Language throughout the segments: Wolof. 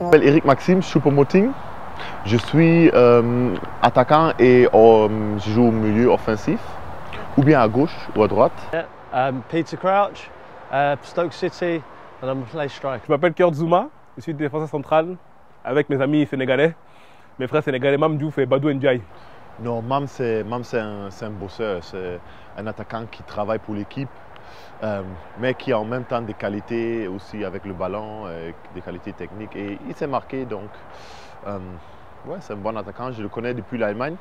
Je m'appelle Eric Maxime Choupo-Moting. Je suis euh, attaquant et euh, je joue au milieu offensif, ou bien à gauche ou à droite. Yeah. Um, Peter Crouch, uh, Stoke City, and I'm play strike. Je m'appelle Kurt Zuma, je suis défenseur central avec mes amis sénégalais, mes frères sénégalais Mam Diouf et Badou Ndiaye. Non, Mam c'est un, un bosseur, c'est un attaquant qui travaille pour l'équipe, euh, mais qui a en même temps des qualités aussi avec le ballon, euh, des qualités techniques. Et il s'est marqué, donc euh, ouais, c'est un bon attaquant. Je le connais depuis l'Allemagne.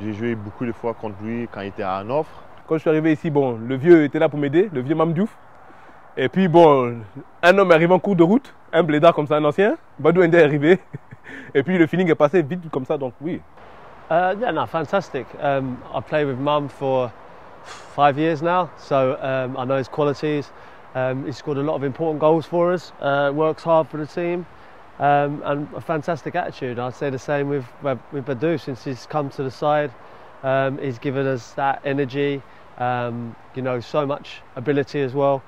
J'ai joué beaucoup de fois contre lui quand il était à Hanovre. Quand je suis arrivé ici, bon, le vieux était là pour m'aider, le vieux Mamdouf. Et puis bon, un homme arrive en cours de route, un blédard comme ça, un ancien, Badou Ende est arrivé. Et puis le feeling est passé vite comme ça, donc oui. Uh, yeah, no, fantastic. Um, I play with Mum for five years now, so um, I know his qualities. Um, he scored a lot of important goals for us, uh, works hard for the team, um, and a fantastic attitude. I'd say the same with, with Badu since he's come to the side. Um, he's given us that energy, um, you know, so much ability as well.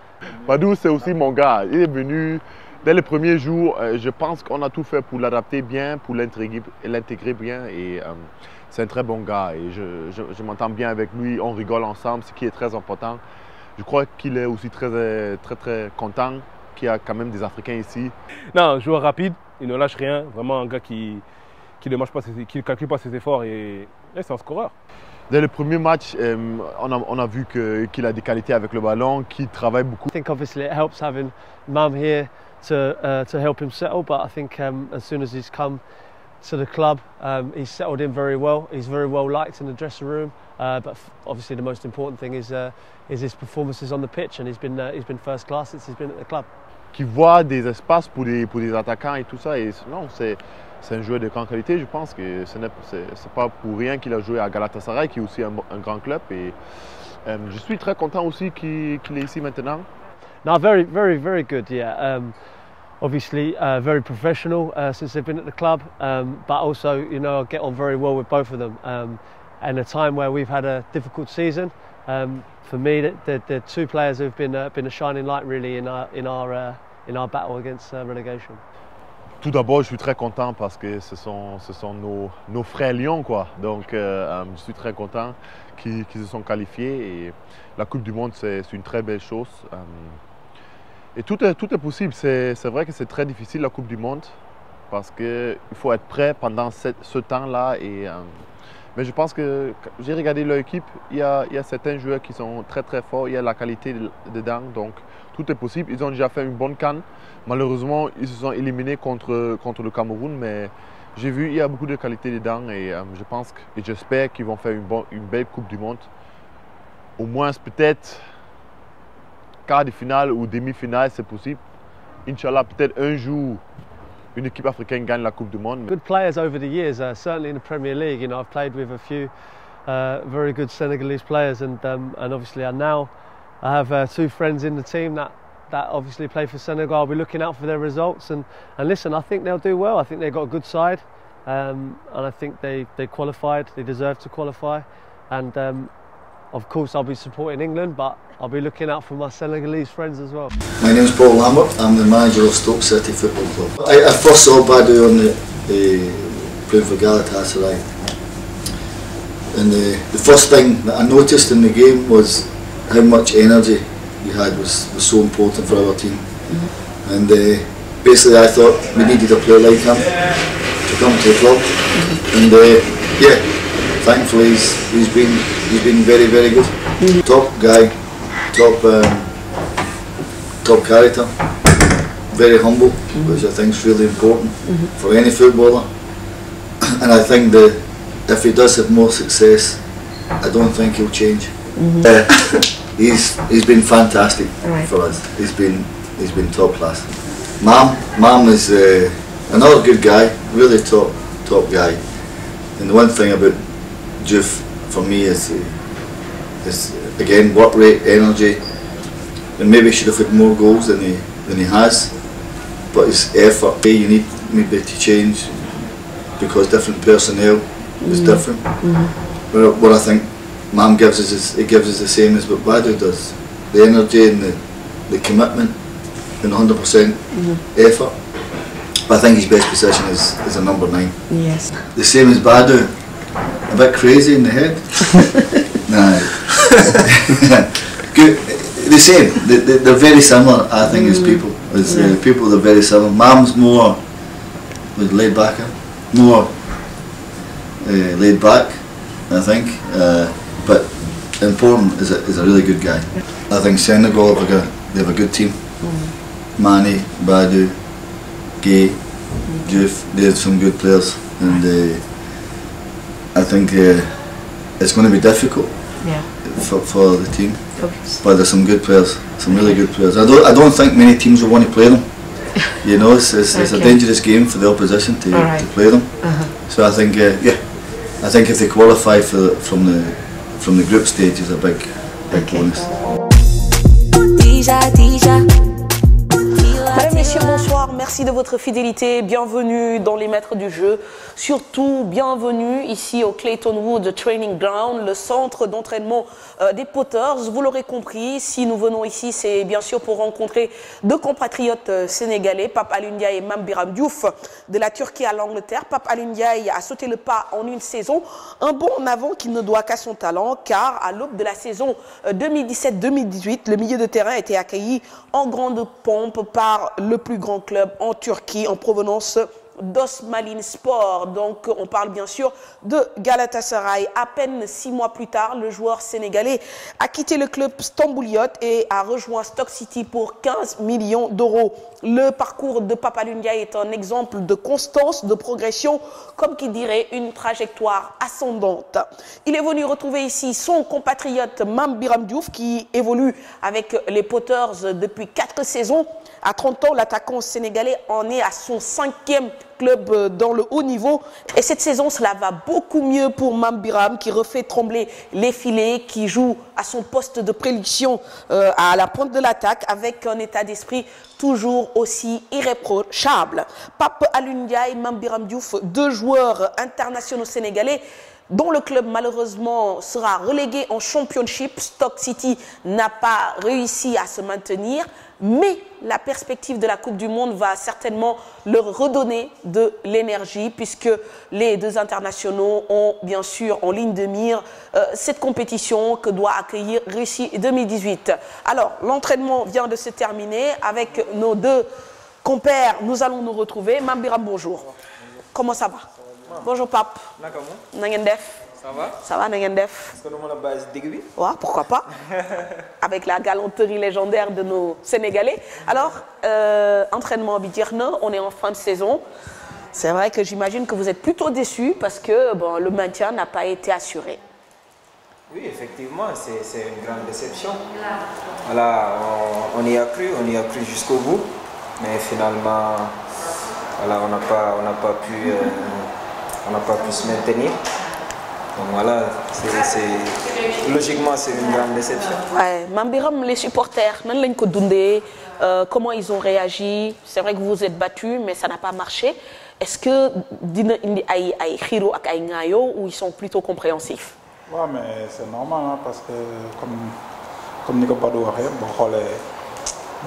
Badou, c'est aussi mon gars. Il est venu dès les premiers jours. Euh, je pense qu'on a tout fait pour l'adapter bien, pour l'intégrer bien. et euh, c'est un très bon gars et je, je, je m'entends bien avec lui, on rigole ensemble, ce qui est très important. Je crois qu'il est aussi très, très, très content qu'il y a quand même des Africains ici. Non, joueur rapide, il ne lâche rien. Vraiment un gars qui, qui ne, marche pas, qui ne calcule pas ses efforts et, et c'est un scoreur. Dès le premier match, um, on, a, on a vu qu'il qu a des qualités avec le ballon, qu'il travaille beaucoup. I think obviously it helps having Mam here to, uh, to help him settle, but I think um, as soon as he's come, to the club. Um, he's settled in very well. He's very well liked in the dressing room. Uh, but obviously, the most important thing is, uh, is his performances on the pitch, and he's been, uh, he's been first class since he's been at the club. Qui voit des espaces pour les, pour les attaquants et tout ça. Et non, c'est un joueur de grande qualité. Je pense que ce n'est pas pour rien qu'il a joué à Galatasaray, qui est aussi un, un grand club. Et um, je suis très content aussi qu'il qu est ici maintenant. No, very, very, very good. Yeah. Um, obviously uh, very professional uh, since they've been at the club, um, but also, you know, I get on very well with both of them. Um, and a time where we've had a difficult season, um, for me, the, the, two players who've been, uh, been a shining light really in our, in our, uh, in our battle against uh, relegation. Tout d'abord, je suis très content parce que ce sont, ce sont nos, nos frères Lyon. Quoi. Donc, euh, euh, je suis très content qu'ils qu se sont qualifiés. Et la Coupe du Monde, c'est une très belle chose. Euh, Et tout est, tout est possible. C'est vrai que c'est très difficile la Coupe du Monde parce qu'il faut être prêt pendant ce, ce temps-là. Et, euh, mais je pense que j'ai regardé leur équipe, il y, a, il y, a, certains joueurs qui sont très très forts, il y a la qualité dedans, donc tout est possible. Ils ont déjà fait une bonne canne. Malheureusement, ils se sont éliminés contre, contre le Cameroun, mais j'ai vu, il y a beaucoup de qualité dedans et euh, je pense que, et j'espère qu'ils vont faire une, bonne, une belle Coupe du Monde. Au moins peut-être quart de finale ou demi-finale, c'est possible. Inch'Allah, peut-être un jour, une équipe africaine gagne la Coupe du Monde. Good players over the years, uh, certainly in the Premier League. You know, I've played with a few uh, very good Senegalese players, and um, and obviously I now I have uh, two friends in the team that that obviously play for Senegal. I'll be looking out for their results, and and listen, I think they'll do well. I think they've got a good side, um, and I think they they qualified. They deserve to qualify, and. Um, Of course, I'll be supporting England, but I'll be looking out for my Senegalese friends as well. My name's Paul Lambert. I'm the manager of Stoke City Football Club. I, first saw Badu on the, uh, playing for Galatasaray. And the, first thing that I noticed in the game was how much energy he had was, so important for our team. Mm And uh, basically I thought we needed a player like him to come to the club. Mm-hmm. And uh, yeah, thankfully he's, he's been he's been very very good. Mm Top guy, top um, top character, very humble, mm I think is really important for any footballer. And I think that if he does have more success, I don't think he'll change. he's been fantastic for us. He's been top class. Mom, mom is uh, another good guy, really top top guy. And the one thing about GIF for me is, is again work energy, and maybe he should more goals than he has. But his effort, you need maybe to change because different personnel is mm-hmm. different. Mm. I think Mam gives us is the same as what Badu does: the energy and the, commitment and mm-hmm. effort. But I think his best position is, a number nine. The same as Badu. Am I crazy in the head? no. The same. They're, they're very similar, I think, as mm. people. As uh, people, they're very similar. Mum's more laid back, more uh, laid back, I think. Uh, but important is a, is a really good guy. I think Senegal have a, they have a good team. Mm. Badu, Gay, mm. they have some good players, and. Uh, I think uh, it's going to be difficult. Yeah. For, for the team, Oops. but there's some good players, some really good players. I don't, think many teams will want to play them. you know, it's, a dangerous game for the opposition to, play them. So uh, I think, if they qualify from the group stage is a big, big okay. messieurs, bonsoir. Merci de votre fidélité. Bienvenue dans les maîtres du jeu. Surtout, bienvenue ici au Claytonwood Training Ground, le centre d'entraînement euh, des Potters. Vous l'aurez compris, si nous venons ici, c'est bien sûr pour rencontrer deux compatriotes euh, sénégalais, Pape Alundia et a sauté le pas en une la saison euh, de terrain était accueilli en grande pompe par le plus grand club en Turquie en provenance d'Osmalinspor. Donc on parle bien sûr de Galatasaray. À peine six mois plus tard, le joueur sénégalais a quitté le club stambouliote et a rejoint Stock City pour 15 millions d'euros. Le parcours de Papalunia est un exemple de constance, de progression, comme qui dirait une trajectoire ascendante. Il est venu retrouver ici son compatriote Mam Biram Diouf qui évolue avec les Potters depuis quatre saisons. À 30 ans, l'attaquant sénégalais en est à son cinquième club euh, dans le haut niveau. Et cette saison, cela va beaucoup mieux pour Mambiram qui refait trembler les filets, qui joue à son poste de prédiction euh, à la pointe de l'attaque avec un état d'esprit toujours aussi irréprochable. Pape Alundia et Mambiram Diouf, deux joueurs internationaux sénégalais, dont le club malheureusement sera relégué en championship. Stock City n'a pas réussi à se maintenir. mais la perspective de la Coupe du Monde va certainement leur redonner de l'énergie puisque en ligne de mire euh, compétition que doit accueillir Russie 2018. Alors, l'entraînement vient avec nos deux compères. Nous allons ça va ça va def. est-ce que du la bàyyi si digg pourquoi pas avec la galanterie légendaire de nos Sénégalais alors euh, entraînement bi jeex na on est en fin de saison. c'est vrai que j'imagine que vous êtes plutôt déçus parce que bon le maintien n'a pas été assuré. Oui, effectivement, c'est une grande déception. Voilà, on, y a cru, on n'a pas on euh, se maintenir. donc voilà c'est logiquement c'est une grande déception. waaw Mame les supporters nan lañ ko dundee euh, comment ils ont réagi c'est vrai que vous êtes battus mais ça n'a pas marché est-ce que dina indi ay ay xiiro ak ay ŋaayoo ou ils sont plutôt compréhensifs. waaw mais c'est normal hein, parce que comme comme ni ko Badou waxee boo xoolee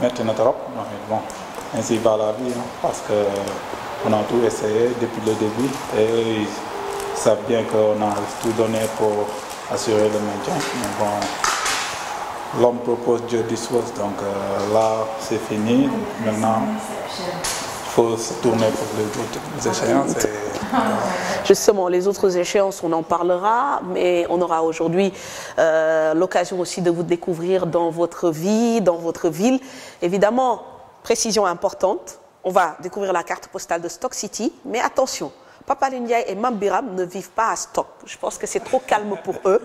metti na trop bon ainsi la vie parce que on a tout essayé depuis le début et. savent bien qu'on a tout donné pour assurer le maintien. l'homme propose, Dieu dispose. Donc euh, là, c'est fini. Justement, les autres échéances, on en parlera, mais on aura aujourd'hui euh, l'occasion de vous découvrir dans votre vie, dans votre ville. Évidemment, précision importante, on va découvrir la carte postale de Stock City, mais attention, Papa Ndiaye et Mambiram ne vivent pas à Stock. Je pense que c'est trop calme pour eux.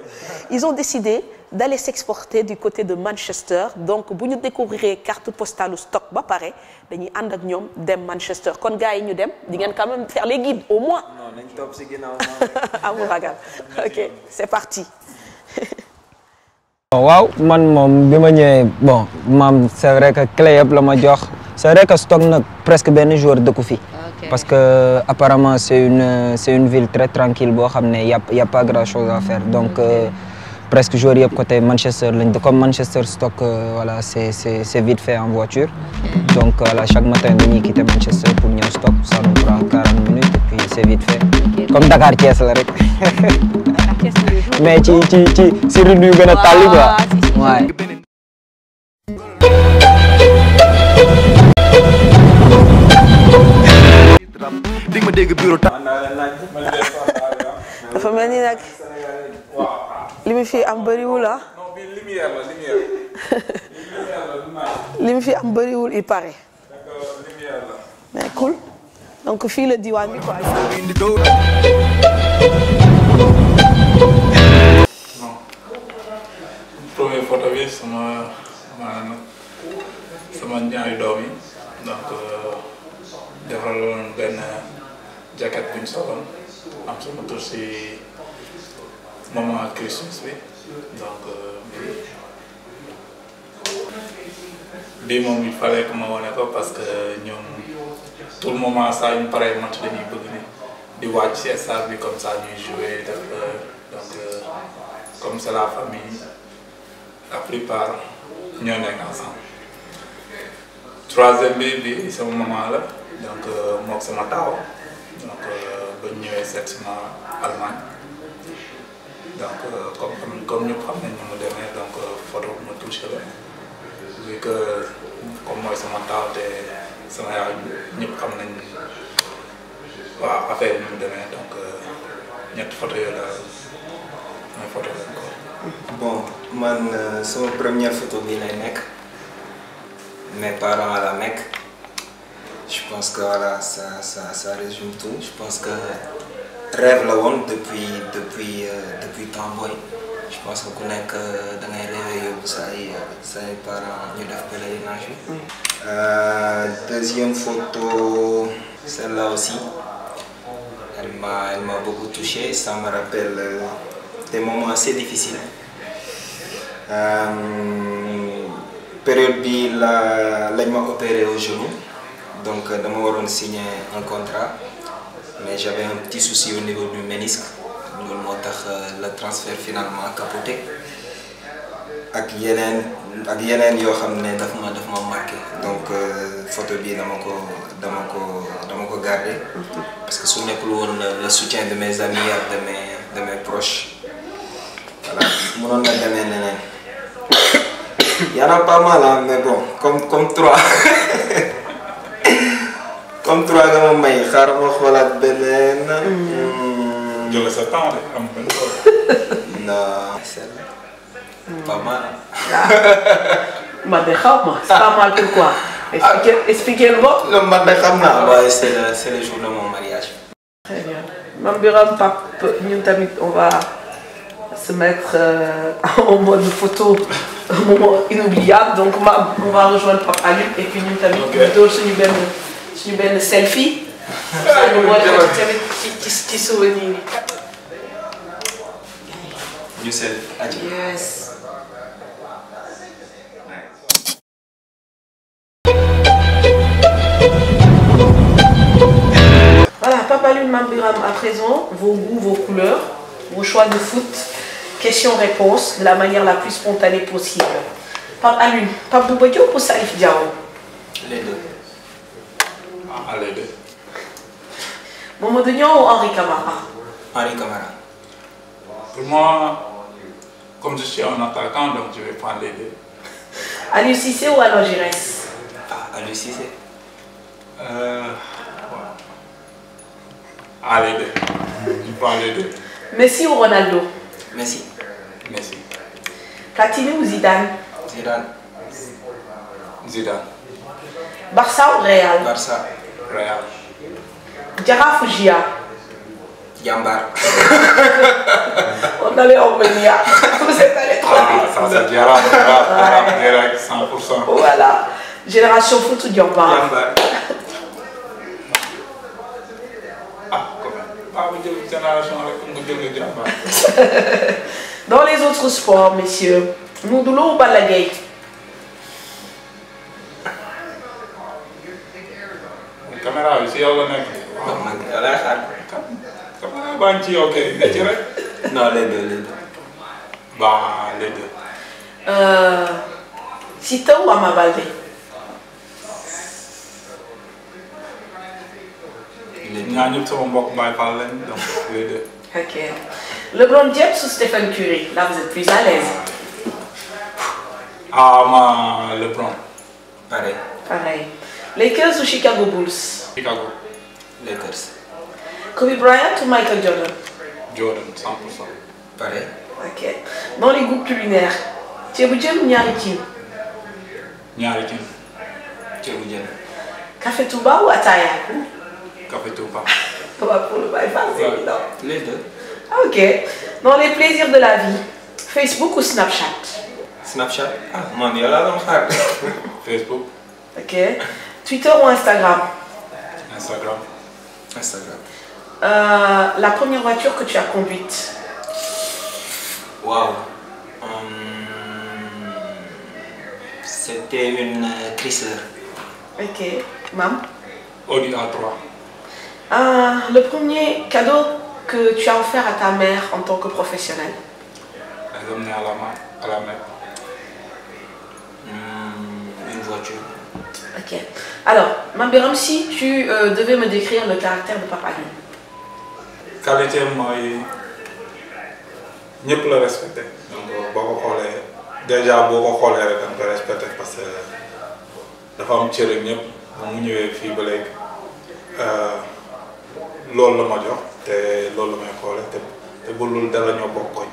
Ils ont décidé d'aller s'exporter du côté de Manchester. Donc, bu ñu découvrir carte postale Stock ba pare dañuy ànd ak ñoom dem Manchester kon gars yi ñu dem di ngeen quand même faire les guides au moins. non nañ topp si ginnaaw amul c'est parti. waaw man moom bi ma ñëwee bon maam c'est vrai que clé la ma jox c'est vrai que Stock nag presque benn jour dëkku fi. Parce que apparemment c'est une c'est une ville très tranquille boo xam ne y a y pas grand chose à faire donc okay. euh, presque joueurs yëpp côté Manchester lañ comme Manchester stock euh, voilà c'est c'est c'est vite fait en voiture. Okay. donc euh, voilà chaque matin dañuy quitter Manchester pour ñëw stock ça nous prend 40 minutes et puis c'est vite fait comme Dakar Thiès la rek. mais ci ci ci ci rue yu gën a tàlli am di dégg bureau ta dafa mel ni nag li fi am bëriwul ah li fi am bariwul il paraît mais cool donc fii la diwaan bi quoi. première photo bi sama sama sama ñaari doom defal woon benn jacket buñ soloon am sama tur si moment Christmas bi donc bii euh, moom il fallait que ma wane ko parce que ñoom tout le moment saa ñu paree match dañuy bëgg ni di wàcc si stade bi comme ça ñuy jouer def euh, donc euh, comme c'est la famille la plupart ñoo nekk ensemble troisième bi bi la donc euh, mook sama taaw donc euh, ba ñu ñëwee seet sama Allemagne donc euh, comme comme ñëpp xam nañ ni demee donc photo mu touché la vu que comme mooy sama taaw te sama yaay ñëpp xam nañ waaw affaire bi mu demee donc ñetti photo yooyu la mooy photo lañ ko bon nekk mes parents nekk je pense que voilà ça ça résume tout je pense que rêve la woon depuis depuis euh, depuis temps booy je ku nekk euh, da ngay rêver yóbbu sa ay euh, sa ay parents ñu def pèlerinage bi. deuxième photo celle-là aussi elle m'a elle m'a beaucoup touché ça me rappelle des moments assez difficiles. période bi la lañ ma opéré au donc euh, dama waroon signer un contrat mais j'avais un petit souci au niveau du ménisque loolu moo tax euh, le transfert finalement capoté ak yeneen ak yeneen yoo xam ne daf ma daf ma marqué donc euh, photo bi dama ko dama ko dama ko gardé parce que su nekkul woon le soutien de mes amis ak de mes de mes proches voilà demee neneen y en pas mal hein mais bon comme comme trois comme trois nga ma may xaaral ma xoolaat beneen. Mm. Mm. jël sa temps rek am benn non. Mm. pas mal. Ah. man de xaw ma c'est pas mal pourquoi. expliquer ah. expliquer lu bopp. non man de xam naa. waaye c'est le c'est le jour de mon mariage. très bien man Birame Pape ñun tamit on va se mettre euh, en mode photo un moment inoubliable donc on va rejoindre Pape Alioune et puis ñun tamit. ok ñu door suñu benn. suñu benn selfie. ñu boole ko tamit ci ci souvenir yi. ñu selfie. yes. voilà Papa Alioune Mame Birame à présent vos goûts vos couleurs vos choix de foot question-réponse de la manière la plus spontanée possible Pape Alioune Pape Bouba Diop ou Salif Diao. les deux. Ah, les deux. Mamadou Niang ou Henri Camara Henri Camara. Pour moi, comme je suis un attaquant, donc je vais prendre les deux. Aliou Cissé ou Alain Giresse Ah, Aliou Cissé. Euh, ouais. Ah, les deux. Je prends les deux. Messi ou Ronaldo Messi. Messi. Platini ou Zidane Zidane. Zidane. Barça ou Real Barça. Royal. Jaraaf on allait au Kenya. vous êtes allé Voilà. Génération Foutu Jambar. Jambar. Dans les autres sports, messieurs, nous doulons au Balagay. caméra bi si yow la nekk. waaw ci yow kay nga ci rek. non les deux les deux. bon les deux. Siteu ou Ama Baldé. ñaa ñëpp sama mbokk Baye donc les deux. LeBron James Stephen Curry là vous ah, LeBron. pareil. pareil. Lakers ou Chicago Bulls? Chicago. Lakers. Kobe Bryant ou Michael Jordan? Jordan, 100%. Pareil. Ok. Dans les goûts culinaires, ceebu jën ñaari cin. ñaari cin. ceebu jën. Touba ou ataaya? café Touba. waaw pour le Baye Fall, c'est évident. Les deux. Ah, ok. Dans de la vie, Facebook ou Snapchat? Snapchat. ah man yow laa doon xaar. Facebook. ok. Twitter ou Instagram euh, la première voiture que tu as conduite C'était une euh, Chrysler. Ok. Mam euh, le premier cadeau que tu as offert à ta mère en tant que professionnel Ok. Alors, Mambiram, si tu euh, devais me décrire le caractère de Papa Youn. Qualité, moi, ñëpp la respecté donc boo ko xoolee déjà boo ko xoolee rek da nga koy respecté parce que dafa am cër ñëpp ba mu ñëwee fii ba léegi euh, loolu la ma jox te loolu la may bu loolu dara bokk koñ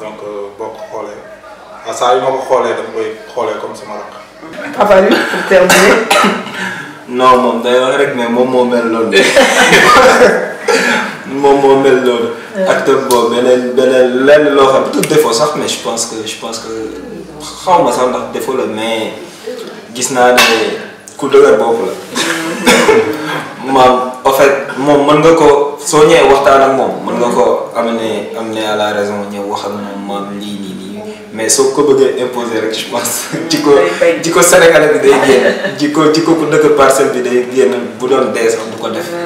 donc euh, boo ko xoolee saa yu ma ko xoolee dama koy xoolee comme sama rakk. Papa lui pour terminer. non moom day wax rek mais moom moo mel noonu moom moo mel noonu. Euh. acteur boobu beneen beneen lenn loo xam tout défaut sax mais je pense que je pense que xaw ma sax ndax défaut la mais gis naa ne ku dëgër bopp la. maam en fait moom mën nga ko soo ñëwee waxtaan ak moom. mën nga ko amener amener à la raison ñëw wax ak moom maam lii nii. mais soo ko bëggee imposer rek ji ko ji ko sénégalais bi day génn. ji ko ji ko ku dëkk parcelle bi day génn bu doon dee sax du ko def. Ah,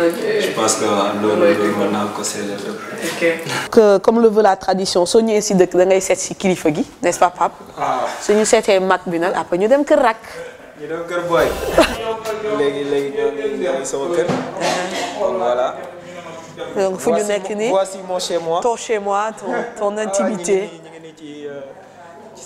je pense que ah, loolu loolu mën naa ko séddale. ok. que comme le veut la tradition so ñëwee si dëkk da ngay seet si kilifa gi n'est-ce pas Pape. waaw ah. su ñu seetee bi nag après ñu dem kër rak ñu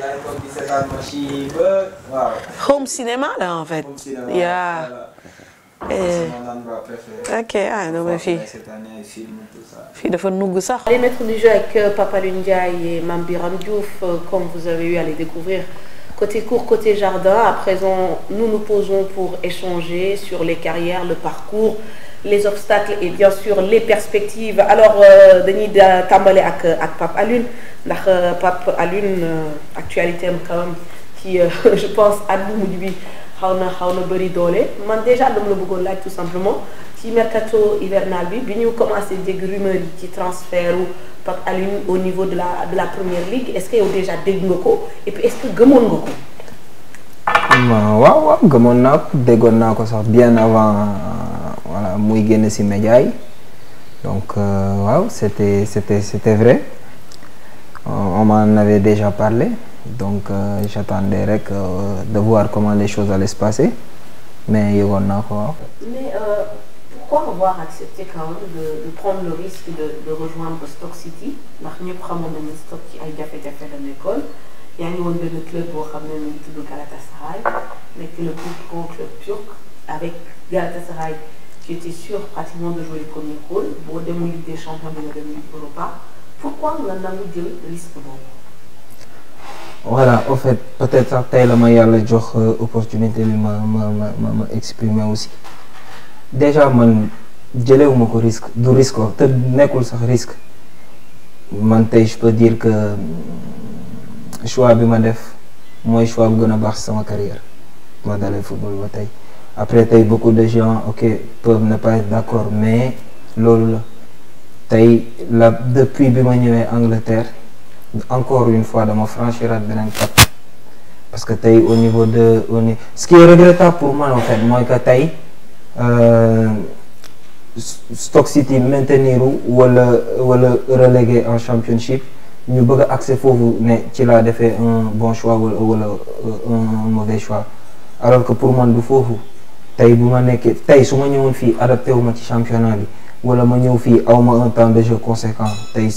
yaa ngi toog di seetaan machine yi ba waaw. home cinéma là en fait. home cinéma yeah. voilà. Et... ok ah non mais fii fii dafa nugg sax. les maîtres du jeu avec euh, Papa Lune Ndiaye et Mame Biram Diouf euh, comme vous avez eu à les découvrir côté court côté jardin à présent nous nous posons pour échanger sur les carrières le parcours. les obstacles et bien sûr les perspectives alors euh, dañuy tàmbale ak ak Pape Alune ndax euh, Pape Alune euh, actualité am quand même ci je pense at bu mujj bi xaw na xaw na bëri doole man déjà dama la bëggoon laaj tout simplement ci mercato hivernal bi bi ñu commencé dégg rumeur yi ci transfert u Pape au niveau de la la première ligue est-ce que déjà dégg nga ko puis est que gëmoon nga ko. waaw waaw gëmoon naa ko déggoon naa ko sax bien avant. voilà muy génn si média donc euh, waaw c'était c'était c'était vrai euh, on avait déjà parlé donc euh, j'attendais rek de voir comment les choses allaient se passer mais yëgoon naa ko waaw. mais pourquoi avoir accepté quand de prendre le risque de rejoindre Stock City ndax ñëpp xamoon Stock ci ay jafe-jafe la nekkoon yaa ngi woon club boo xam ne ñu tudd Galatasaray nekk le plus club turc avec Galatasaray. j'étais sûre nga dem Europa jël risque boobu. voilà au fait peut-être sax tey la ma yàlla jox euh, opportunité bi ma ma ma ma exprimer aussi déjà man jëlewuma ko risque du risque te nekkul sax risque man tey je peux dire que euh, choix bi ma def mooy choix bu gën a baax sama carrière ma dalee football ba tey. après tey beaucoup de gens ok peuvent ne pas être d'accord mais loolu la tey la depuis bi ma ñëwee Angleterre encore une fois dama franchiraat beneen cap parce que tey au niveau de au niveau ce qui est regrettable pour moi en mooy que tey euh, Stoke City maintenir wala wala relégué en championship ñu bëgg a foofu ne ci laa defee un bon choix wala euh, un mauvais choix alors que pour man du foofu. tey bu ma nekkee tey su ma ñëwoon fii adapté wu ma ci championnat bi wala ma ñëw fii aw ma un temps de jeu conséquent tey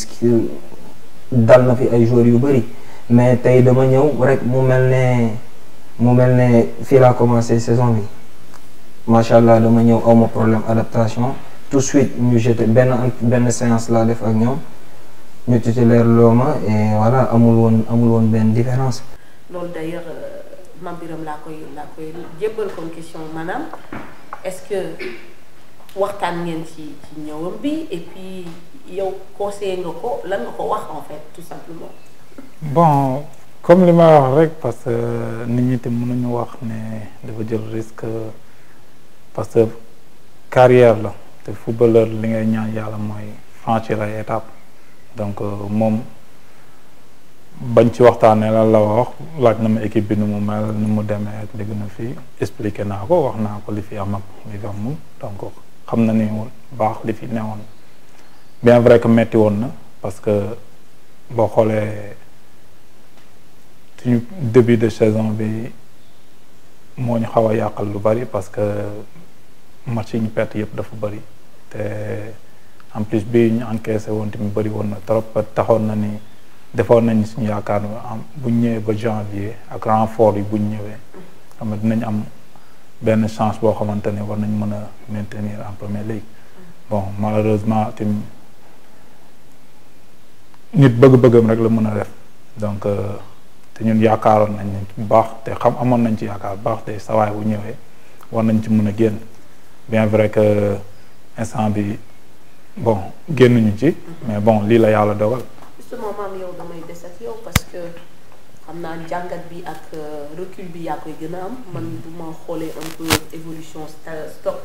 dal na fi ay joueurs yu bëri mais tey dama ñëw rek mu mel ne mu mel ne fii laa commencé saison bi macha allah dama ñëw aw ma problème adaptation tout de suite ñu jeté benn benn séance laa def ak ñoom ñu titulaire loo ma et voilà amul woon amul woon benn différence. loolu mam laa koy laa koy jébbal kon question maanaam est-ce que waxtaan ngeen ci ci bi et puis yow conseillé nga ko lan nga ko wax en fait tout simplement. bon comme li ma wax rek parce que nit ñi te nañu wax ne dafa jël risque parce que carrière la te footballeur li ngay ñaan yàlla mooy franchir ay étape donc euh, moom. bañ ci waxtaanee lan la wax laaj na ma équipe bi nu mu mel nu mu demee ak léegi na fii expliqué naa ko wax naa ko li fi am ak li fi amul donc xam na ni baax li fi newoon bien vrai que metti woon na parce que boo xoolee suñu début de saison bi moo ñu xaw a yàqal lu bari parce que match yi ñu perte yëpp dafa bari te en plus bi ñu encaissé woon mu bari woon na trop taxoon na ni. defoon nañ suñu yaakaar am bu ñu ñëwee ba janvier ak renfort yi bu ñu ñëwee xam nga dinañ am benn chance boo xamante ne war nañ mën a maintenir en première ligue bon malheureusement tim nit bëgg-bëggam rek la mën a def donc euh, te ñun yaakaaroon nañ bu baax te xam amoon nañ ci yaakaar bu baax te sawaay wu ñëwee war nañ ci mun a génn bien vrai que instant bi bon génnuñu ci mais bon lii la yàlla dogal justement maam yow damay des ak yow parce que xam naa jàngat bi ak euh, recul bi yaa koy gën a am man bu mm-hmm. ma xoolee un peu évolution stock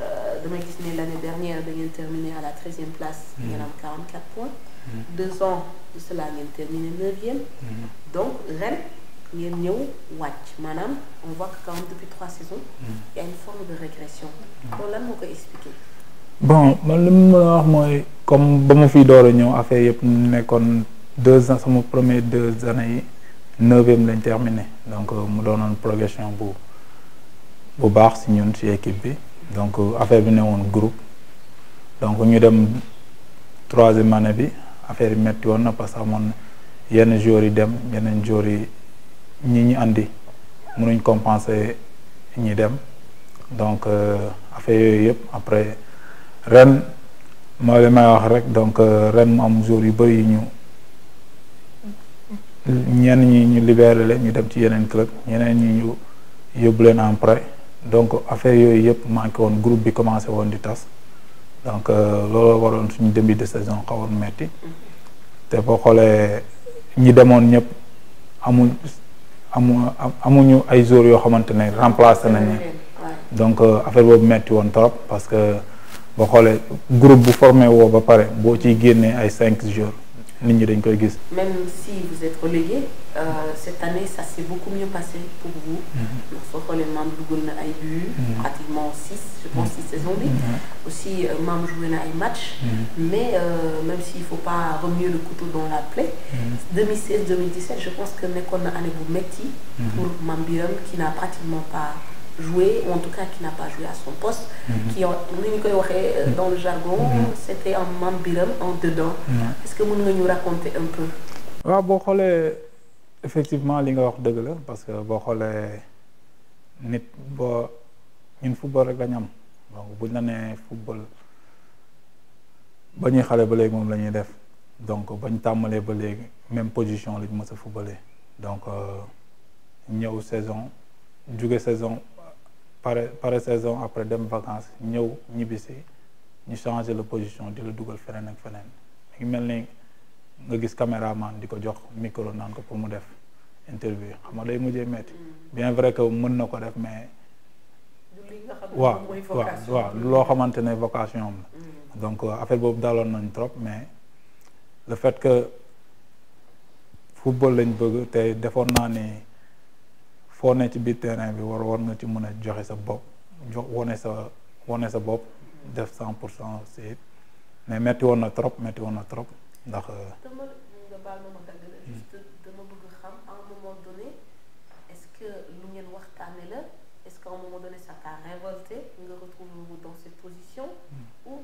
euh, damay gis ne l'année dernière da ngeen à la treizième place mm-hmm. ngeen am 44 points mm-hmm. deux ans de cela ngeen terminé neuvième donc ren ngeen ñëw wàcc maanaam on voit que quand même depuis trois saisons il une forme de régression loolu lan moo koy expliquer bon man li mu mën wax mooy comme ba ma fiy door a ñëw affaire yëpp nekkoon deux ans sama premier deux années yi neuvième lañ terminé donc euh, mu doonoon progression bu bu baax si ñun si équipe bi donc euh, affaire bi ne woon groupe donc ñu dem troisième année bi affaire yi metti woon na parce que amoon yenn joueurs yi dem yeneen joueurs yi ñi ñu andi mënuñ compenser ñi dem donc euh, affaire yooyu yëpp après ren mooy li may wax rek donc euh, ren mu am jour yu bëri yu ñu ñenn ñi ñu libéré ñu dem ci yeneen club ñeneen ñi ñu yóbbu leen en prêt donc affaire yooyu yëpp manqué woon groupe bi commencé woon di tas donc euh, looloo waroon suñu début de saison xawoon metti te boo xoolee ñi demoon ñëpp amuñ amu amuñu ay joueurs yoo xamante ne remplacé nañ donc euh, affaire boobu metti woon trop parce boo xoolee groupe bu formé woo ba pare boo ciy génnee ay cinq jours nit ñi dañ koy gis. même si vous êtes relégué euh, cette année ça s'est beaucoup mieux passé pour vous. Mm-hmm. ndax soo xoolee Maam dugal na ay buts. Mm-hmm. pratiquement six je pense six mm-hmm. saison bi. aussi euh, Maam joué na ay match. mais euh, même s'il faut pas remuer le couteau dans la plaie. je pense que nekkoon na année bu métti. pour Maam Biram qui n'a pratiquement pas. joué ou en tout cas qui n'a pas joué à son poste. Mhm. qui ont ñu koy waxee euh, mhm. dans le jargon. Mhm. c'était un Mame Birame en dedans. est-ce que mën nga ñu raconter un peu. waaw boo xoolee effectivement li nga wax dëgg la parce que boo xoolee nit boo ñun football rek la am donc buñ la nee football ba ñuy xale ba léegi moom la ñuy def donc bañ tàmmalee ba léegi même position la ñu mës a donc euh, ñëw saison jóge saison. pare pare saison après dem vacances ñëw ñibbisi ñu changer la position di la dugal feneen ak feneen mu mel ni nga gis camera caméraman di ko jox micro naan ko pour mu def interview xam nga day mujjee metti mm. bien vrai que mën na ko def mais waaw loo xamante ne vocation am la mm. donc euh, affaire boobu daloon nañ trop mais le fait que football lañ bëgg te defoon naa foo ne ci biir terrain bi war war nga ci mën a joxe sa bopp jox wone sa wone sa bopp def cent pour cent si mais metti woon na trop metti woon na trop ndax. Euh, dama bëgg xam un moment donné est-ce que lu ngeen waxtaanee la est-ce qu'à un moment donné ça t'a révolté nga retrouvé dans cette position. Hmm. ou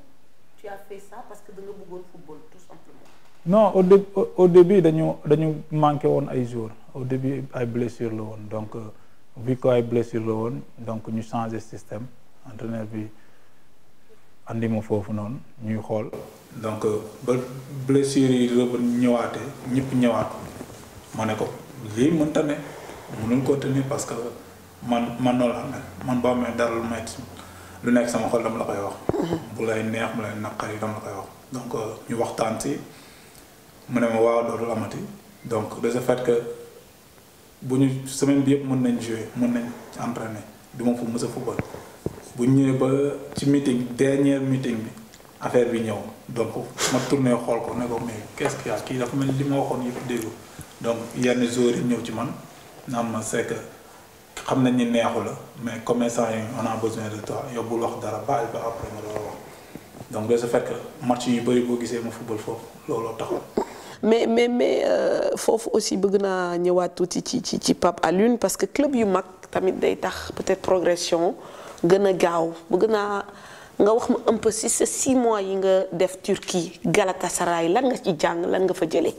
tu as parce que da bëggoon football tout simplement. non au dé au début dañu dañu manqué woon ay jours. au début ay blessure la woon donc euh, vu que ay blessure la woon donc ñu changé système entraîneur bi andi ma foofu noonu ñuy xool. donc euh, ba blessure yi rëbb ñëwaatee ñëpp ñëwaat ma ne ko lii mënta ne. mënul continuer parce que man man noonu la mel man boo amee dara lu may lu nekk sama xol dama la koy wax. bu lay neex mu lay naqari dama la koy wax. donc euh, ñu waxtaan si mu ne ma waaw dootul amati donc de ce fait bu ñu semaine bi yëpp mën nañ jouer mën nañ entraîner du ma fa mës a football bu ñëwee ba ci meeting dernier meeting bi affaire bi ñëw donc ma tourné xool ko ne ko mais quest kii dafa mel li ma waxoon yëpp déggu donc yenn joueurs yi ñëw ci man naan ma c'est xam nañ ni neexu la mais commerçant yi on a besoin de toi yow bul wax dara bàyyi ba après nga doon wax donc de ce fait match yu bëri boo gisee ma football foofu looloo taxaw. mais mais mais euh, foofu aussi bëgg naa ñëwaat tuuti ci ci ci Pape parce que club yu mag tamit day tax peut-être progression gën a gaaw bëgg naa nga wax ma un peu si mois yi nga def Turquie Galatasaray lan nga ci jàng lan nga fa jëlee.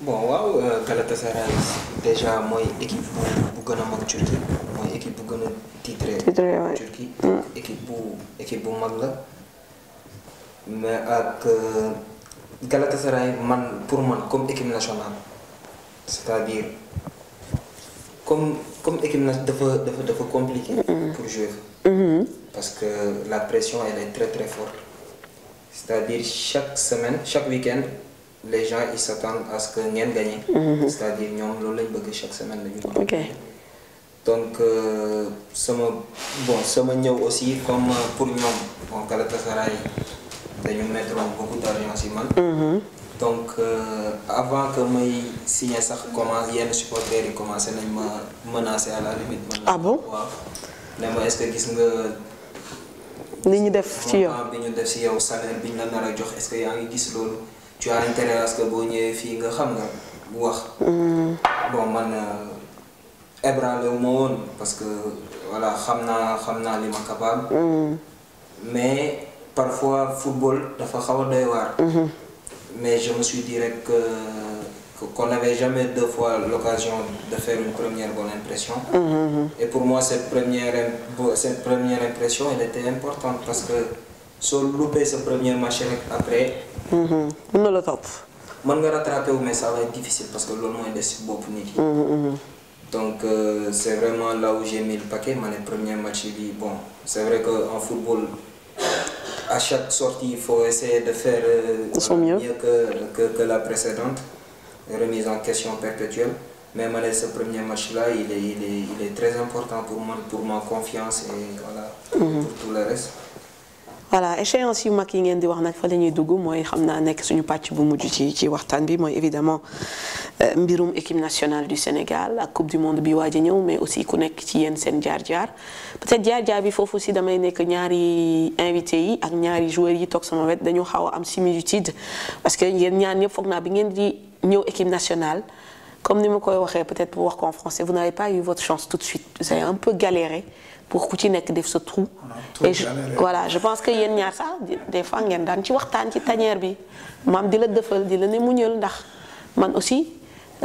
bon waaw euh, Galatasaray déjà mooy équipe bu gën a mag Turquie mooy équipe bu gën a titré. titré waay mm. équipe bu équipe bu mag la mais ak. Euh, Galatasaray man pour man comme équipe nationale c'est-à-dire comme comme équipe nationale dafa dafa dafa compliqué. Mm-hmm. pour jouer. Mm-hmm. parce que la pression elle très très forte c'est-à-dire chaque semaine chaque week-end les gens ils que ngeen gagné. Mm-hmm. c'est-à-dire ñoom loolu lañ bëgg chaque semaine lañu. ok donc euh, sama bon sama ñëw aussi comme euh, pour ñoom bon dañu mettre beaucoup d'argent si man. Mhm. donc euh, avant que may signé sax commencé yenn supporters yi commencé nañ ma menacer à la limite. ah bon waaw ne gis nga. li ñu def ci yow bi ñu def si yow salaire bi ñu la nar a jox est-ce que ngi gis loolu tu as intérêt que boo ñëwee fii nga xam nga wax. Mhm. bon man euh, ébranlé wu parce que voilà xam naa xam naa li ma capable. Mhm. mais. parfois football dafa xaw a doy waar. Mhm. mais je me suis dit rek que qu'on n'avait jamais deux fois l'occasion de faire une première bonne impression. Mhm, mhm. et pour moi cette première cette première impression elle était importante parce que soo loupé sa premier match rek après. mën na la topp. man nga rattrapé wu mais sa va être parce que loolu mooy des si bopp nit yi. donc euh, c'est vraiment là où j'ai mis le ne premier match bi bon c'est vrai que en football. à chaque sortie, il faut essayer de faire euh, mieux, mieux que, que, que, la précédente, remise en question perpétuelle. Mais malgré ce premier match-là, il est, il, est, il est, très important pour moi, pour ma confiance et voilà, mm -hmm. pour tout le reste. voilà échéance yu mag yi ngeen di wax nag fa la ñuy dugg mooy xam naa nekk suñu pàcc bu mujj ci ci waxtaan bi mooy évidemment euh, mbirum équipe nationale du Sénégal ak coupe du monde bi waaj a ñëw mais aussi ku nekk ci yéen seen jaar-jaar peut-être jaar-jaar bi foofu si damay nekk ñaari invité yi ak ñaari joueurs yi toog sama wet dañu xaw a am similitude parce que yéen ñaar ñëpp foog naa bi ngeen di ñëw équipe nationale comme ni ma koy waxee peut pour wax ko en français vous n'avez pas eu votre chance tout pour ku ci nekk def sa trou et voilà je pense que yéen ñaar sax des fois ngeen daan ci waxtaan ci tanière bi maam di la dëfal di la ne muñal ndax man aussi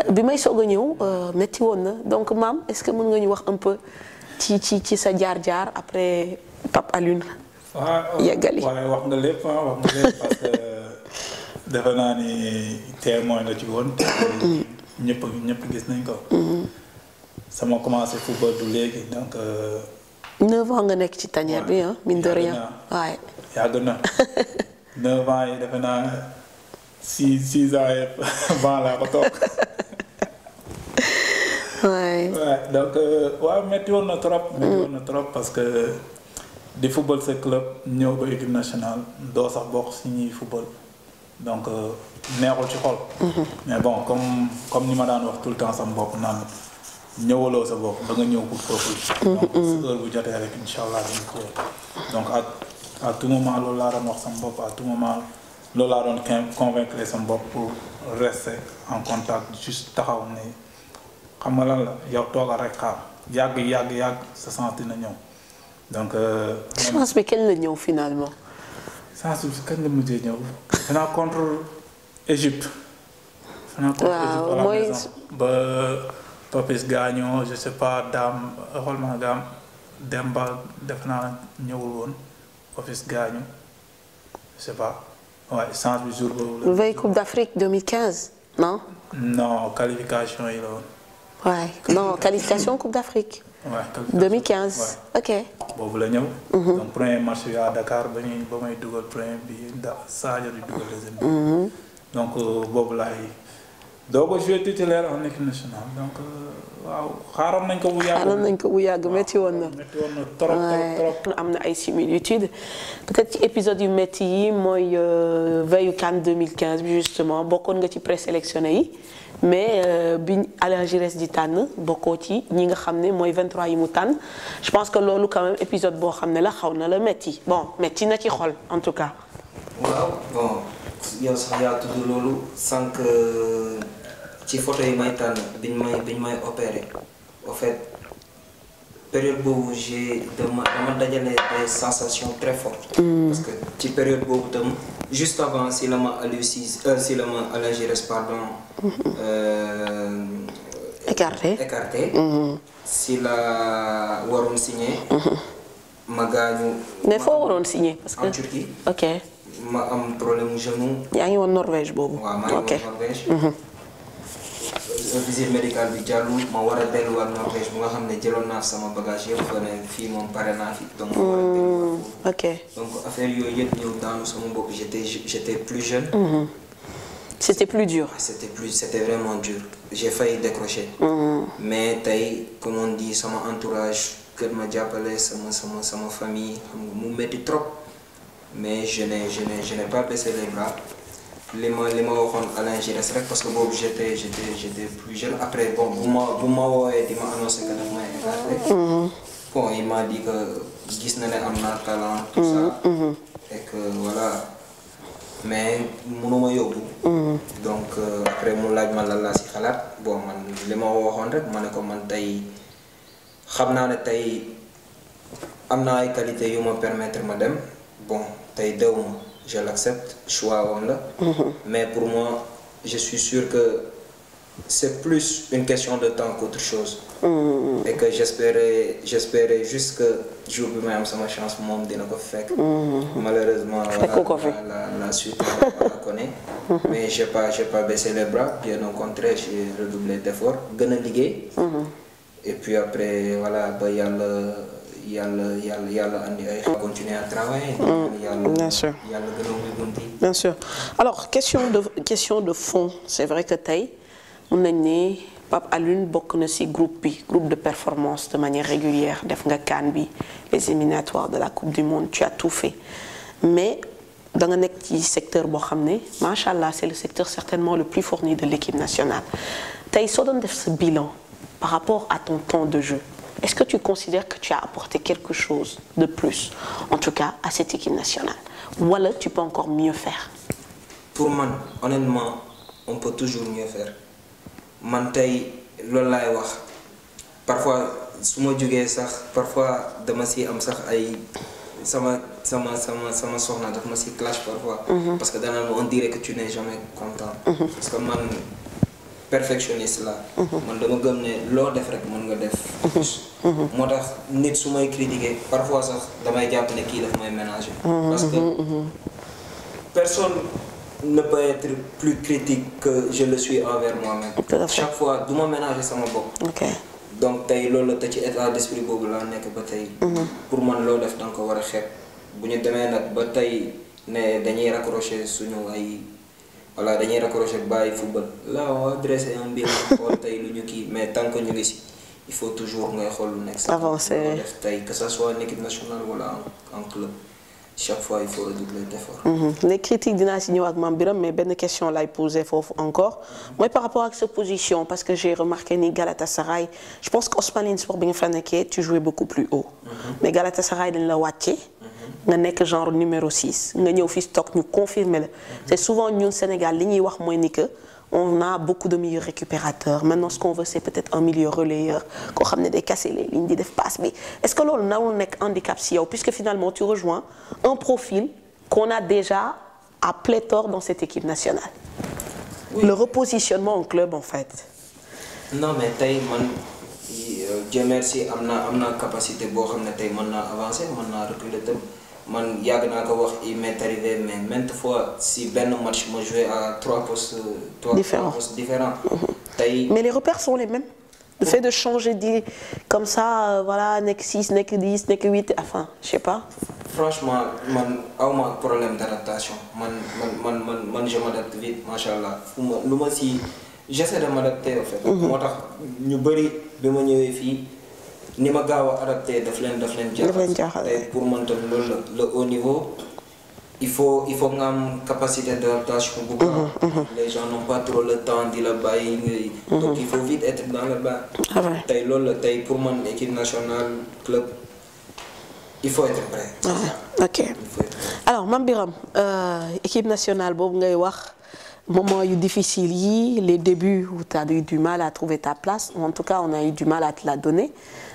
euh, bi may soog a ñëw euh, métti woon na donc maam est-ce que mën nga ñu wax un ci ci ci sa jaar-jaar après Pape Alioune ah, yeggali wax nga lépp ah wax defe naa ni témoin la ci woon mm. ñëpp ñëpp gis nañ ko sama mm-hmm. commencé football du léegi euh, neuf nga nekk ci tanière bi ah. yàgg na neuf yi defe naa six six ans yëpp vingt laa ko toog. waay donc euh, waaw métti na trop. métti mm. na trop parce que di football sa club ñëw ba équipe nationale doo sax bokk si ñuy football donc euh, neexul ci xol. Mm-hmm. mais bon comme comme ni ma daan wax tout le temps sama bopp naan. ñëwaloo sa bopp da nga ñëw pour peuple. donc heure bu jotee rek incha allah dañu ko donc à à tout moment loolu laa doon wax sama bopp à tout moment loolu laa doon convaincre sama bopp pour rester en contact juste taxaw ne xam nga la yow toogal rek xaar yàgg yàgg yàgg sa sens na ñëw donc. sens euh, bi kenn la ñëw finalement. sens bi kenn la mujjee ñëw. xanaa contre Égypte. xanaa contre Égypte. waaw mooy ba. Papis gaañoo je sais pas daam xool ma daam Demba def naa ñëwul woon Papis je sais pas waaye change bi jour boobu la. Vous Coupe d'Afrique 2015 qualification yi la woon. waay non qualification Coupe d'Afrique. boobu la ñëw. Mhm. premier match bi Dakar ba ñuy ba may dugal premier bi da Sadio di dugal deuxième. Mhm. donc euh, boobu laay. doo ko joué titulaire en équipe nationale donc euh, waaw xaaroon nañ ko bu yàgg. xaaroon nañ ko bu yàgg métti woon na. métti woon na trop trop trop. am na ay similitudes peut-être ci épisode yu métti yi mooy euh, veille CAN 2015 bi justement bokkoon nga ci présélectionné yi mais euh, bi Alain Giresse di tànn bokkoo ci ñi nga xam ne mooy 23 yi mu tànn je pense que loolu quand même épisode boo xam ne la xaw na la métti bon métti na ci xol en tout cas. waaw bon yow sax yaa tudd loolu sànq. ci photo yi may tànn biñ may biñ may opéré au fait période boobu j'ai dama dama des sensations très fortes. Mm. parce que ci période boobu tam juste avant si la ma Aliou euh, la ma Alain Giresse pardon. Mm-hmm. Euh, écarté écarté. Mm-hmm. si la waroon signé. Mm-hmm. ma gaañu. mais foo waroon signé. parce que ok ma am problème mu yaa ngi woon Norvège boobu. ok sa visite médicale ma war a delluwaat Norvège bu nga xam ne jëloon naa sama bagage yëpp fa ne fii moom pare naa fi. donc hmm, ok donc affaire yooyu yëpp ñëw daanu sama bopp j'étais j'étais plus jeune. Hmm. c'était plus dur. Ah, c'était plus c'était vraiment dur j'ai failli décrocher. Hmm. mais tey comme on dit sama entourage kër ma jàppale sama sama sama famille xam nga mu métti trop mais je n'ai je n'ai je n'ai pas baissé les li ma li ma waxoon Alain Giresse rek parce que boobu j'étais j'étais j'étais plus après bon bu ma bu ma woowee di ma annoncé que daf may écarté. Mm-hmm. bon m'a dit que na ne am naa mm-hmm, mm-hmm. mais mënuma yóbbu. donc euh, après mu laaj man lan laa si xalaat bon li ma waxoon rek ma ne ko man tey xam naa ne tey am naa ay qualité yu ma permettre ma dem bon tey dew ma. je l'accepte choix wam mhm. la mais pour moi je suis sûr que c'est plus une question de temps qu'autre chose mhm. et que j'espérais j'espérais juste que jour bi may am chance moom dina ko fekk mhm. malheureusement la suite on la connaît mais j'ai pas j'ai pas baissé bien au contraire j'ai redoublé d'efforts gën a et puis après voilà ba yàlla yàlla yàlla andi ay. continuer à travailler. Mm, yàlla bien sûr yàlla gën a bunti. bien sûr alors question de question de fond c'est vrai que tey mun nañ ni Pape Alioune bokk na ci groupe bi groupe de performance de manière régulière def nga CAN bi les éliminatoires de la coupe du monde tu as tout fait mais da nga nekk ci secteur boo xam ne macha allah c'est le secteur certainement le plus fourni de l'équipe nationale tey soo doon def sa bilan par rapport à ton temps de jeu. Est-ce que tu considères que tu as apporté quelque chose de plus, en tout cas à cette équipe nationale Voilà, tu peux encore mieux faire. Pour man honnêtement, on peut toujours mieux faire. man tey loolu laay wax parfois su ma jógee sax parfois dama si am sax ay sama sama sama sama soxna daf ma si clash parfois. Mm-hmm. parce que daanaka on dirait que tu n'es jamais content. Mm-hmm. parce que man. perfectionniste la mhm. man dama gëm ne loo def rek mën nga def mhm. Mhm. moo tax nit su may critiquer parfois sax damay jàpp ne kii daf may ménager parce que personne ne peut être plus critique que je le suis envers moi-même chaque fois du ma ménager sama bopp donc tey loolu te ci état d'esprit boobu laa nekk ba tey pour man loo def danga ko war a xeeb bu ñu demee nag ba tey ne dañuy raccrocher suñu ay voilà dañuy raccrocher bàyyi football là on va dresser un bilan xool tey lu ñu kii mais tant que ñu ngi si il faut toujours ngay xool lu nekk. avancer tey que tey soit en équipe nationale wala en club. chaque fois il faut mhm. dinaa si ñëw ak Mame biram mais benn question lay posé foofu encore mooy par rapport a sa position parce que j'ai remarqué ni Galatasaray je pense que Osmanlin Sport bi nga fa nekkee tu jouais beaucoup plus haut. Mhm. mais Galatasaray dañ la wàcce. Mhm. nga nekk genre numéro 6 nga ñëw fii toog ñu confirmer la. c'est souvent ñun Sénégal li ñuy wax mooy ni que. on a beaucoup de milieux récupérateurs maintenant ce qu'on veut c'est peut-être un milieu relayeur koo xam ne day casser les lignes di def passe bi est-ce que loolu nawul nekk handicap puisque finalement tu rejoins un profil qu'on a déjà à pléthore dans cette équipe nationale le repositionnement en club en fait non mais tey man euh, Dieu merci am naa am naa capacité boo xam ne tey mën naa avancer mën naa reculer tam man yàgg naa ko wax il m'est arrivé mais maintes fois si benn match ma joué à trois postes. différents trois mhm. tey mais les repères sont les mêmes. le fait de changer di comme ça euh, voilà nekk 6 nekk 10 nekk 8 enfin je sais pas. franchement man awma problème d'adaptation man man man man man je m'adapte vite macha allah ma lu ma si j'essaie de m'adapter en fait. Mhm. moo tax ñu bëri bi ma ñëwee fii. ni ma gaaw a adapté daf leen daf leen jaaxal pour man tam loolu la le niveau il faut il faut nga am capacité d'adaptation bu baax mhm, mhm. les gens n'ont pas trop le temps di la bàyyi ngay mhm. donc il vite être dans le bain ah tey loolu la tey pour man équipe nationale club il faut être prêt ah ok alors Mame Birame euh, équipe nationale boobu ngay wax moments yu difficile yi les début où tu as eu du mal à trouver ta place en tout cas on a eu du mal à te la donner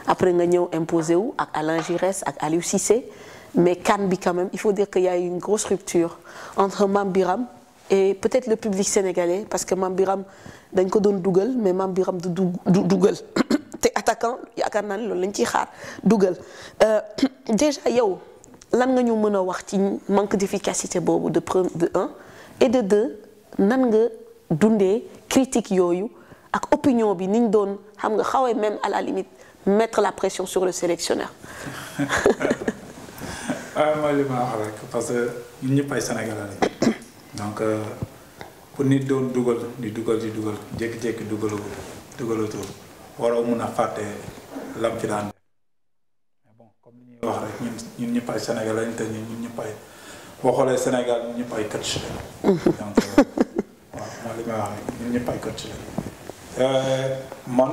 après nga ñëw imposé wu ak Alain Giresse ak Aliou Cissé mais CAN bi quand il faut dire qu'il y a eu une grosse rupture entre Mame Biram et peut-être le public sénégalais parce que Mame Biram dañ ko doon dugal mais Mame Biram du du dugal te attaquant yaakaar naa ne loolu lañ ciy xaar dugal euh, déjà yow lan nga ñu mën a wax ci manque d'efficacité boobu de pre de un et de de nan nga dundee critique yooyu ak opinion bi niñ doon xam nga xawee même à la limite mettre la pression sur le sélectionneur. mooy li wax rek parce que ñun ñëpp ay Sénégalais lañ donc euh, pour dugal di dugal di dugal jékki-jékki dugalagul dugalatul mun a fàtte lam ci daan bon comme li ñuy wax rek ñun ay Sénégalais lañ te ñun ñëpp ay boo xoolee Sénégal ñun ñëpp ay coach lañ donc euh, mooy li wax rek ñun ñëpp coach lañ euh, man.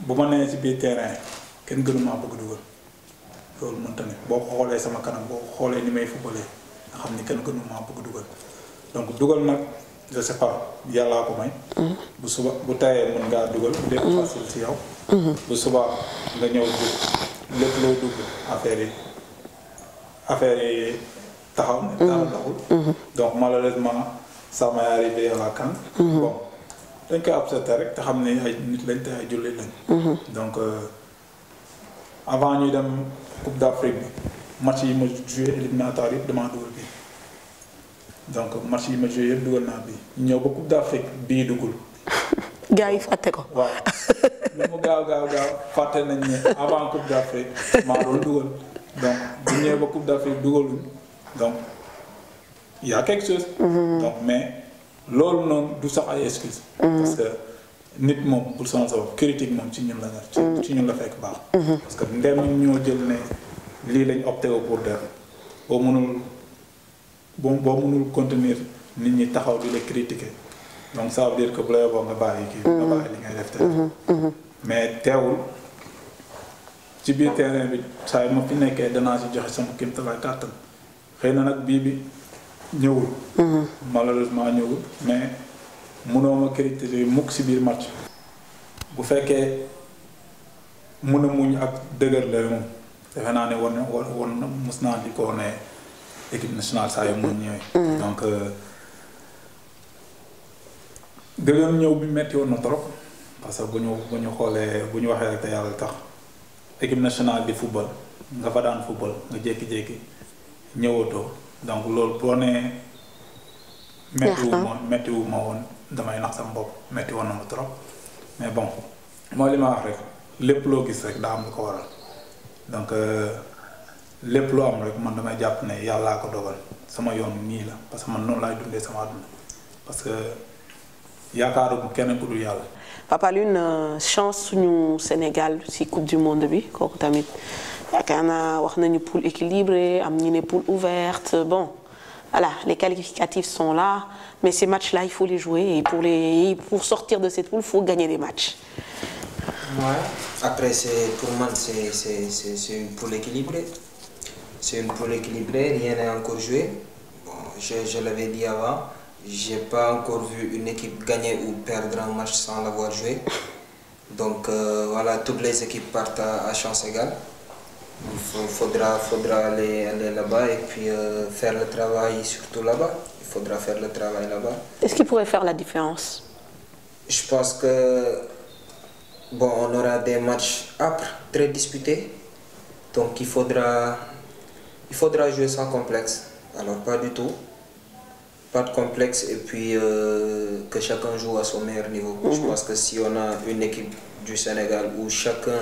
bu ma nee ci biir terrain kenn gënumaa bëgg dugal loolu mënta ne boo ko xoolee sama kanam boo ko xoolee ni may fubalee nga xam ni kenn gënumaa bëgg dugal donc dugal nag je sais pas yàllaa ko may. Mhm. bu suba bu tayee mën ngaa dugal. bu mhm. mhm. nga ñëw dugg lépp loo dugg affaire yi affaire yi taxaw. taxaw donc malheureusement ça m'est arrivé la CAN. bon. dañ koy accepté rek te xam ne ay nit lañ te ay jullit lañ. Mhm. donc euh, avant ñuy dem Coupe d' Afrique bi match yi ma joué éliminatoire yëpp damaa dugal bii donc match yi ma joué yëpp dugal naa bii ñëw ba Coupe d' bii dugul gaa yi fàtte ko. waaw lu mu gaaw gaaw gaaw fàtte nañ ne avant Coupe d' maa doon dugal donc bu ba Coupe d' Afrique donc y' quelque chose. Mhm. donc mais. loolu noonu du sax ay excuse mhm. parce nit moom pour sama sabab critique moom ci ñu la nga mhm. ci ñun la fekk baax mhm. parce que ndem ñoo jël ne lii lañ opté pour def boo mënul boo boo mënul contenir nit ñi taxaw di la critiquer donc ça biir dire que bu la yoboo nga bàyyi kii nga bàyyi li ngay def te mais teewul ci biir terrain bi saa yi ma fi nekkee danaa si joxe sama kéemtalaay kàttan xëy na nag bii bi ñëwul. Mhm. malheureusement ñëwul mais mënoo ma critiquer mukk si biir match. bu fekkee mun a muñ ak dëgër la moom defe naa ne war na war na mos naa di ko ne équipe nationale saa yu mun ñëwee. Mhm. Mhm. donc euh, dëgër ñëw bi metti woon na trop parce que bu ñu bu ñu xoolee bu ñu waxee rek te yàlla tax équipe nationale di football nga fa daan football nga jékki-jékki ñëwatoo. donc loolu boo nee. metti wu woon damay nax sa bopp metti woon na ma trop mais bon mooy li ma wax rek lépp loo gis rek daa am lu ko waral donc euh, lépp loo am rek man damay jàpp ne yàllaa ko dogal sama yoon nii la parce que man noonu laay dundee sama àdduna parce que yaakaaruma kenn ku dul yàlla. Papa Lune euh, chance suñu Sénégal si coupe du monde bi kooku tamit. yaakaar naa wax nañu poule équilibrée am ñu ne poule ouverte bon voilà les qualificatifs sont là mais ces matchs là il faut les jouer et pour les pour sortir de cette poule il faut gagner des matchs. Ouais. Après c'est pour moi c'est c'est c'est une poule équilibrée. C'est une poule équilibrée, rien n'est encore joué. Bon, je je l'avais dit avant, j'ai pas encore vu une équipe gagner ou perdre un match sans l'avoir joué. Donc euh, voilà, toutes les équipes partent à, à chance égale. Il faudra, faudra aller, aller là-bas et puis euh, faire le travail surtout là-bas. Il faudra faire le travail là-bas. Est-ce qui pourrait faire la différence Je pense que bon, on aura des matchs âpres, très disputés. Donc il faudra, il faudra jouer sans complexe. Alors pas du tout. Pas de complexe et euh, que chacun joue à son meilleur niveau. Je mhm. pense que si on a une équipe du Sénégal où chacun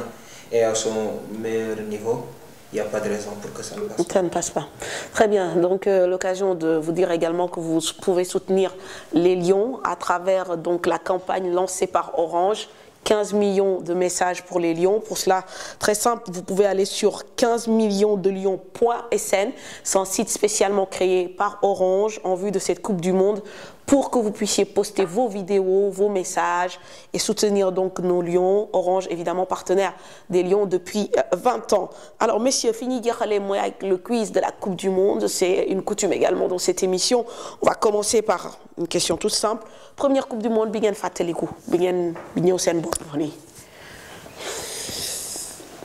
est à son meilleur niveau, il n'y a pas de raison pour que ça ne passe pas. Ça ne passe pas. Très bien. Donc, euh, l'occasion de vous dire également que vous pouvez soutenir les Lions à travers donc, la campagne lancée par Orange. 15 millions de messages pour les lions. Pour cela, très simple, vous pouvez aller sur 15 millions de lions.sn. C'est un site spécialement créé par Orange en vue de cette Coupe du Monde pour que vous puissiez poster vos vidéos, vos messages et soutenir donc nos lions. Orange, évidemment, partenaire des lions depuis 20 euh, ans. Alors, messieurs, fini les moi avec le quiz de la Coupe du Monde. C'est une coutume également dans cette émission. On va commencer par une question toute simple. Première Coupe du Monde, Bingen Fatelikou, Bingen Bingen Senbo.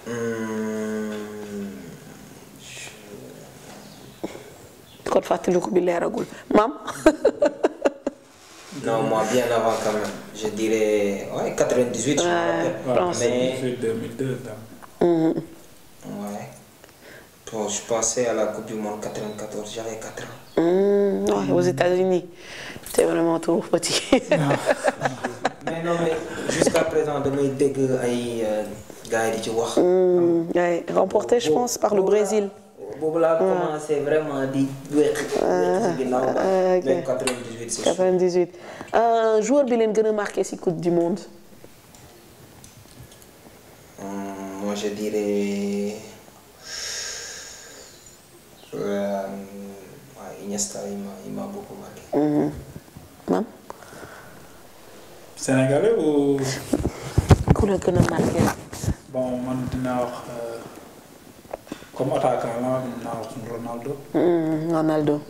Euh, kon fàttaliku bi leeragul Non, moi, bien avant quand Je dirais, ouais, 98, je mm-hmm. à la Coupe du Monde 94, j'avais 4 ans. Mmh, ouais, aux États-Unis. T'es vraiment tout petit. non. mais non, euh, mm, Remporté, je par le Brésil. boobu laa ah. commencé vraiment di wéq. ci ah, ah, ginnaaw ba 98. 98 euh, joueur bi leen gën a marqué ci coupe du monde. moi je dirais euh, Iniesta il m'a beaucoup marqué. Mmh. maam. Sénégalais ou. ku la gën a marqué. bon man dinaa wax. Euh, comme attaquant Ronaldo. Mmh, Ronaldo.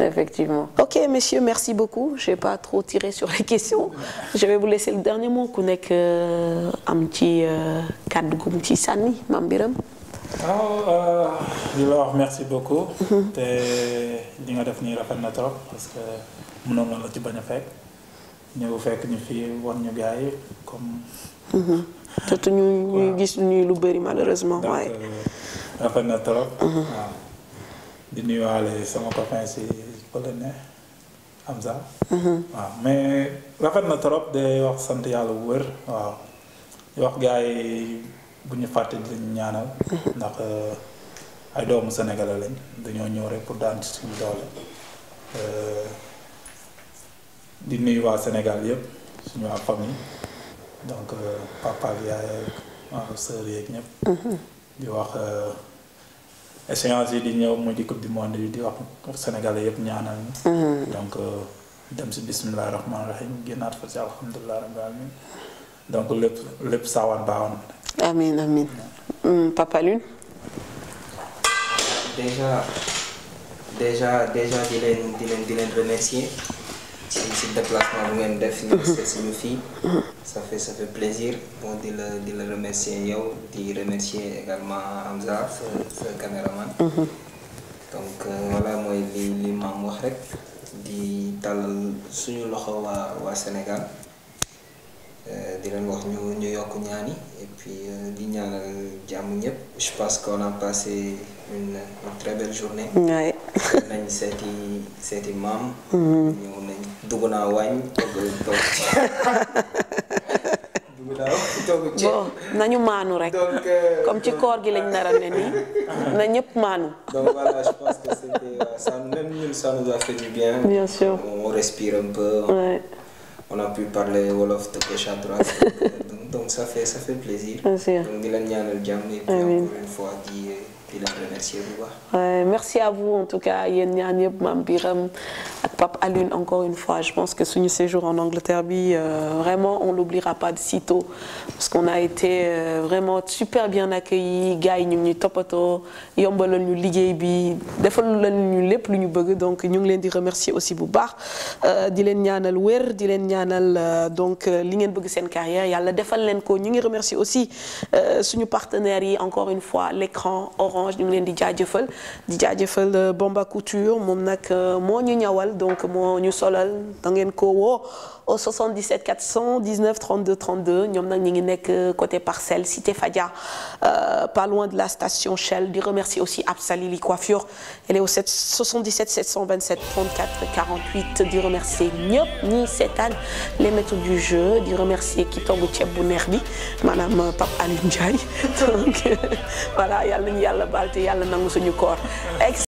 Effectivement. Ok, merci beaucoup. Je n'ai pas trop tiré sur les questions. Je vais vous laisser le dernier mot. Ku nekk euh, am ci euh, kàddu gum ci sànni Mame Birame. waaw ah, euh, di merci beaucoup. Mmh. te li nga def nii rafet na trop parce que mënoon na la ci bañ fekk. ñëw fekk ñu fii wan ñu gars yi comme. surtout mm-hmm. ñu ñuy gis ñuy lu bëri malheureusement waaye. Euh, rafet na trop. Mm-hmm. waaw di nuyuwaale sama copain si pële ne Hamza. Mm-hmm. waaw mais rafet na trop de wax sant yàlla bu wër waaw di wax gars bu ñu fàtte di ñaanal. ndax euh, ay doomu Sénégalais lañ dañoo ñëw rek pour daan ci suñu doole. Euh, di nuyu waa Sénégal yëpp suñu waa famille donc euh, papa yaay ak sœur yeeg ñëpp. Mhm. di wax euh, échéance yi di ñëw muy di coupe du monde yi di wax Sénégalais yëpp ñaanal ñu. Mhm. donc euh, dem si bisimilah rahmaani rahim génnaat fa si alhamdulilah rabbil alamin donc lépp lépp saawaan baawoon. amiin amiin mm, papa Lune. déjà déjà déjà di leen di leen di leen remercier. si si déplacement bu ngeen def si ñu fii sa fait ça fait plaisir di la di la remercier yow di remercier également Hamza sa sa caméraman donc euh, voilà mooy li li maam wax rek di tàllal suñu loxo waa waa Sénégal Euh, di wax ñu ñu yokk ñaan yi et puis euh, di ñaanal jàmm ñëpp je pense que a passé une une très belle journée. nañ seeti seeti maam. Mm-hmm. nañ dugg naa wàññi toog bon nañu maanu rek euh, comme ci koor gi lañ nar ne nii na ñëpp maanu. bien. bien sûr on respire un peu. on a pu parler wolof de gauche à droite donc, donc ça fait ça fait plaisir. Merci. donc di leen ñaanal jàmm et puis encore une fois di. di merci à vous en tout cas yéen ñaar ñëpp maam Biram ak Pape Alune encore une fois je pense que suñu séjour en Angleterre bi euh, vraiment on l'oubliera pas de sitôt parce qu'on a été euh, vraiment super bien accueillis gars yi ñu ngi ñuy toppatoo yombalal ñu liggéey bi defal la ñu lépp lu ñu bëgg donc ñu ngi leen di remercier aussi bu baax euh, di leen ñaanal wér di leen ñaanal euh, donc li ngeen bëgg seen carrière yàlla defal leen ko ñu ngi remercier aussi suñu partenaires yi encore une fois l'écran Orange ñu leen di jaajëfal di jaajëfal euh, Bomba Couture moom nag euh, moo ñu ñawal donc moo ñu solal da ngeen au 77 419 32 32 ñoom nag ñi ngi nekk euh, côté parcelle cité Fadia euh, pas loin de la station Shell di remercier aussi Absali li coiffure elle est au 7 77 727 34 48 di remercier ñëpp ñi seetaan di remercier ki togg ceeb bu neex bi maanaam euh, Pape Alioune Ndiaye donc voilà yàlla yàlla baal te yàlla nangu suñu koor